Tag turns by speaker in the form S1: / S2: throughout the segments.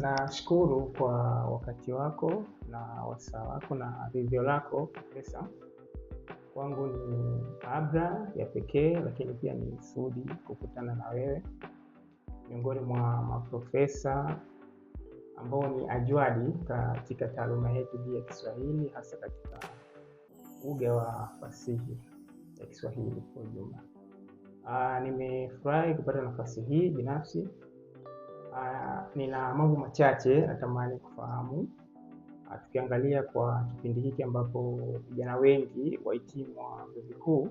S1: Nashukuru kwa wakati wako na wasaa wako na vivyo lako kabisa Kwangu ni abra ya pekee, lakini pia ni sudi kukutana na wewe miongoni mwa maprofesa ambao ni ajwadi katika taaluma yetu hii ya Kiswahili, hasa katika uga wa fasihi ya Kiswahili kwa ujumla. Nimefurahi kupata nafasi hii binafsi ni ah, nina mambo machache natamani kufahamu ah, tukiangalia kwa kipindi hiki ambapo vijana wengi wahitimu wa vyuo vikuu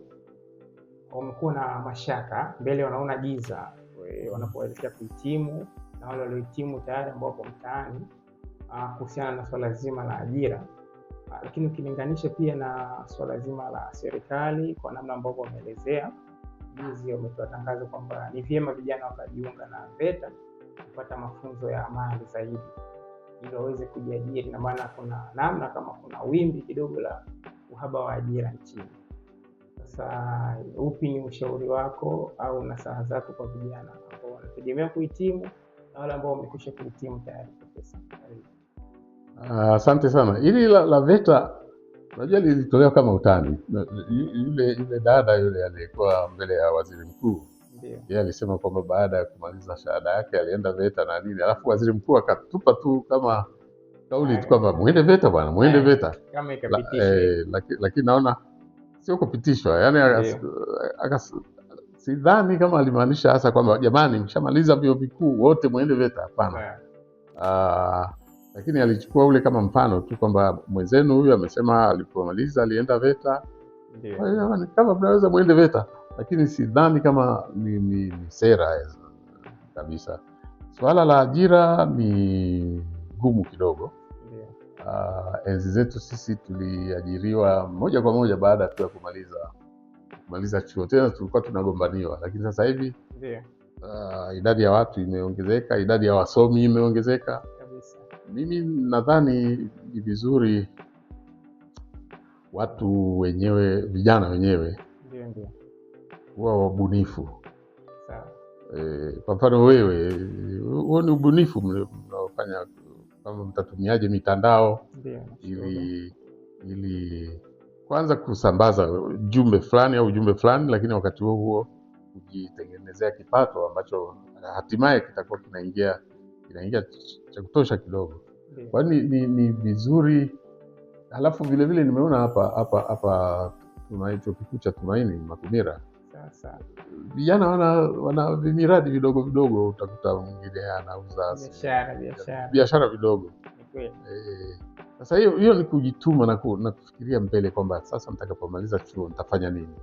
S1: wamekuwa na mashaka mbele, wanaona giza eh, wanapoelekea kuhitimu na wale waliohitimu tayari ambao wapo mtaani ah, kuhusiana na swala zima la ajira, lakini ukilinganisha pia na swala zima la serikali kwa namna ambavyo wameelezea juzi, wametoa tangazo kwamba ni vyema vijana wakajiunga na VETA kupata mafunzo ya amali zaidi ili waweze kujiajiri, na maana kuna namna kama kuna wimbi kidogo la uhaba wa ajira nchini. Sasa upi ni ushauri wako au nasaha zako kwa vijana ambao wanategemea kuhitimu na wale ambao wamekwisha kuhitimu tayari? Profesa,
S2: ah, asante uh, sana. Hili la, la VETA unajua lilitolewa kama utani. Yule yule dada yule aliyekuwa mbele ya waziri mkuu yeye alisema kwamba baada ya kumaliza shahada yake alienda VETA na nini, alafu waziri mkuu akatupa tu kama kauli tu kwamba mwende VETA bwana, mwende eh, VETA
S1: kama ikapitishwa. Eh,
S2: lakini naona sio kupitishwa, yani sidhani kama alimaanisha hasa kwamba jamani, mshamaliza vyuo vikuu wote mwende VETA. Hapana, eh. ah, lakini alichukua ule kama mfano tu kwamba mwenzenu huyu amesema alipomaliza alienda VETA, kwa hiyo kama mnaweza mwende VETA lakini sidhani kama ni, ni, ni sera kabisa. Suala la ajira ni gumu kidogo. Uh, enzi zetu sisi tuliajiriwa moja kwa moja baada tu ya kumaliza kumaliza chuo, tena tulikuwa tunagombaniwa, lakini sasa hivi uh, idadi ya watu imeongezeka, idadi ya wasomi imeongezeka. Mimi nadhani ni vizuri watu wenyewe, vijana wenyewe kuwa wabunifu e, kwa mfano wewe huo ni ubunifu mnaofanya kama mtatumiaje mitandao ili ili kwanza kusambaza jumbe fulani au jumbe fulani, lakini wakati huo huo kujitengenezea kipato ambacho hatimaye kitakuwa kinaingia kinaingia cha kutosha kidogo. Kwani ni, ni vizuri. Halafu vilevile nimeona hapa hapa hapa chuo kikuu cha Tumaini Makumira sasa vijana wana wana vimiradi vidogo vidogo, utakuta mwingine anauza biashara vidogo. Eh, sasa hiyo hiyo ni kujituma na, ku, na kufikiria mbele kwamba sasa nitakapomaliza chuo nitafanya nini.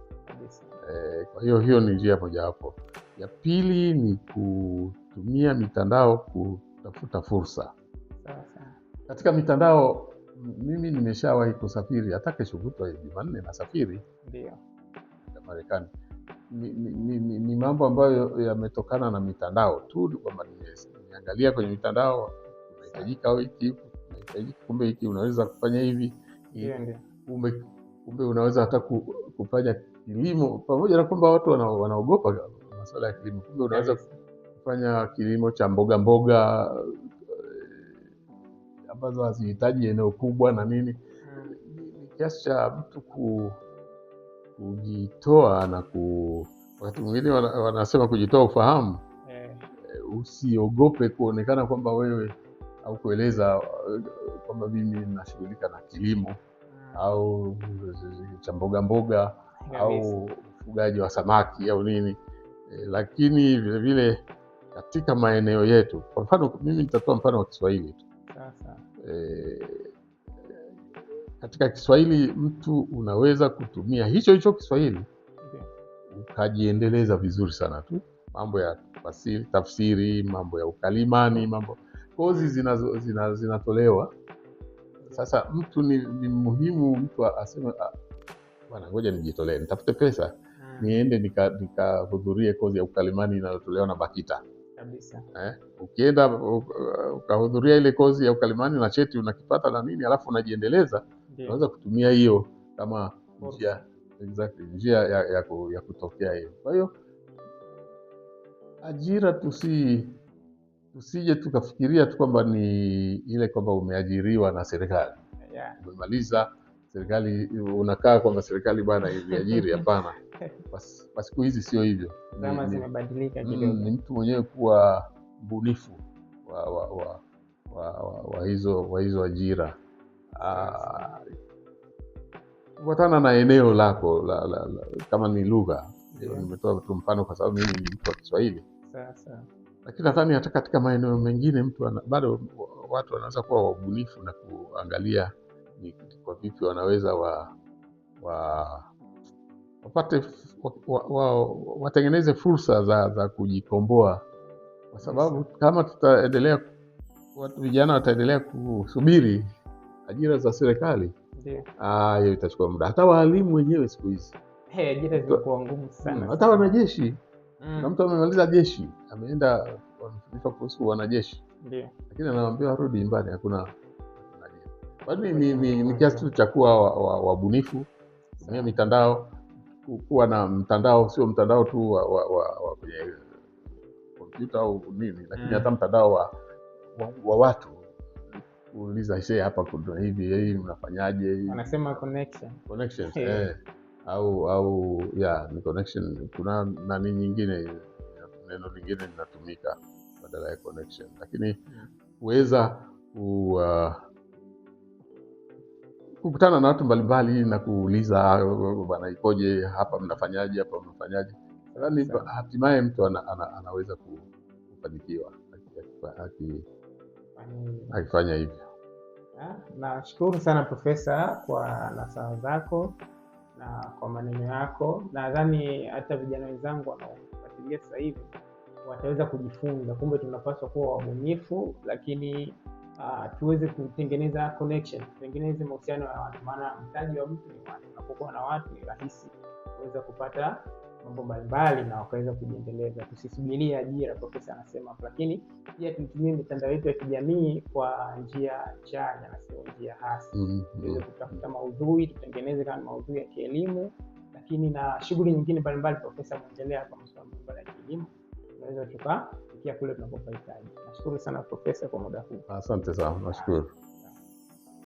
S2: Eh, kwa hiyo hiyo ni njia mojawapo. Ya pili ni kutumia mitandao kutafuta fursa sasa. Katika mitandao mimi nimeshawahi kusafiri hata kesho kutwa Jumanne nasafiri Marekani ni, ni, ni, ni mambo ambayo yametokana na mitandao tu, kwamba nimeangalia kwenye mitandao unahitajika hiki, unahitajika kumbe hiki, unaweza kufanya hivi kumbe, kumbe unaweza hata kufanya kilimo, pamoja na kwamba watu wanaogopa masuala ya kilimo, kumbe unaweza kufanya kilimo cha mboga mboga eh, ambazo hazihitaji eneo kubwa na nini. Mm. Ni kiasi cha mtu ku kujitoa na ku wakati mwingine wanasema kujitoa ufahamu yeah. Usiogope kuonekana kwamba wewe au kueleza uh, kwamba mimi nashughulika na kilimo mm. au cha mboga mboga au ufugaji wa samaki au nini e, lakini vilevile katika maeneo yetu, kwa mfano mimi nitatoa mfano wa Kiswahili tu e, katika Kiswahili mtu unaweza kutumia hicho hicho Kiswahili ukajiendeleza vizuri sana tu, mambo ya tafsiri, tafsiri mambo ya ukalimani, mambo kozi zinazo, zina, zinatolewa. Sasa mtu ni, ni muhimu mtu aseme ah, bwana, ngoja nijitolee, nitafute pesa hmm. niende nikahudhurie nika kozi ya ukalimani inayotolewa na BAKITA kabisa. Eh, ukienda uh, ukahudhuria ile kozi ya ukalimani na cheti unakipata na nini, alafu unajiendeleza unaweza kutumia hiyo kama njia exactly, njia ya, ya, ya kutokea hiyo. Kwa hiyo ajira tusi tusije tukafikiria tu kwamba ni ile kwamba umeajiriwa na serikali yeah. Umemaliza serikali unakaa kwamba serikali bana iliajiri. Hapana, kwa siku hizi sio hivyo,
S1: mm,
S2: Ni mtu mwenyewe kuwa mbunifu wa, wa, wa, wa, wa, wa hizo wa hizo ajira. Ah, kufuatana na eneo lako la, la, la, kama ni lugha Nimetoa tu mfano kwa sababu mimi ni mtu wa Kiswahili lakini nadhani hata katika maeneo mengine mtu ana, bado watu wanaweza kuwa wabunifu na kuangalia ni kwa vipi wanaweza wa, wa wapate wa, wa, wa, watengeneze fursa za, za kujikomboa kwa sababu kama tutaendelea, watu vijana wataendelea kusubiri ajira za serikali hiyo itachukua muda. Hata waalimu wenyewe siku hizi
S1: ajira ngumu sana,
S2: hata wanajeshi na mtu amemaliza jeshi ameenda wanafundishwa kuhusu wanajeshi, lakini anawaambia warudi nyumbani, hakuna kwani ni, ni, ni kiasi tu cha kuwa wabunifu, tumia mitandao, kuwa na mtandao, sio mtandao tu wa, wa, wa, kompyuta au nini, lakini mm. hata mtandao wa, wa, wa watu kuuliza she, hapa kuna hivi hii mnafanyaje hii,
S1: anasema connection
S2: connections eh, au au ya ni connection. Kuna nani nyingine, neno lingine linatumika badala ya connection, lakini kuweza hmm. ku uh, kukutana na watu mbalimbali na kuuliza bwana, ikoje hapa, mnafanyaje hapa, mnafanyaje, nadhani hatimaye mtu ana, ana, anaweza kufanikiwa aki, aki, akifanya hivyo.
S1: Ah, nashukuru sana Profesa kwa nasaha zako na kwa maneno yako. Nadhani hata vijana wenzangu wanaofuatilia sasa hivi wataweza kujifunza, kumbe tunapaswa kuwa wabunifu, lakini uh, tuweze kutengeneza connection, tutengeneze mahusiano ya watu, maana mtaji wa mtu ni watu. Unapokuwa na watu ni rahisi kuweza kupata mambo mbalimbali na wakaweza kujiendeleza. Tusisubirie ajira, profesa anasema, lakini pia tuitumie mitandao yetu ya kijamii kwa njia chanya na sio njia hasi. Mm-hmm. Tuweze kutafuta maudhui, tutengeneze kama maudhui ya kielimu, lakini na shughuli nyingine mbalimbali. Profesa ameendelea kwa masuala mbalimbali ya kielimu, tunaweza tukafikia kule tunapohitaji. Nashukuru sana profesa kwa muda huu,
S2: asante sana, nashukuru.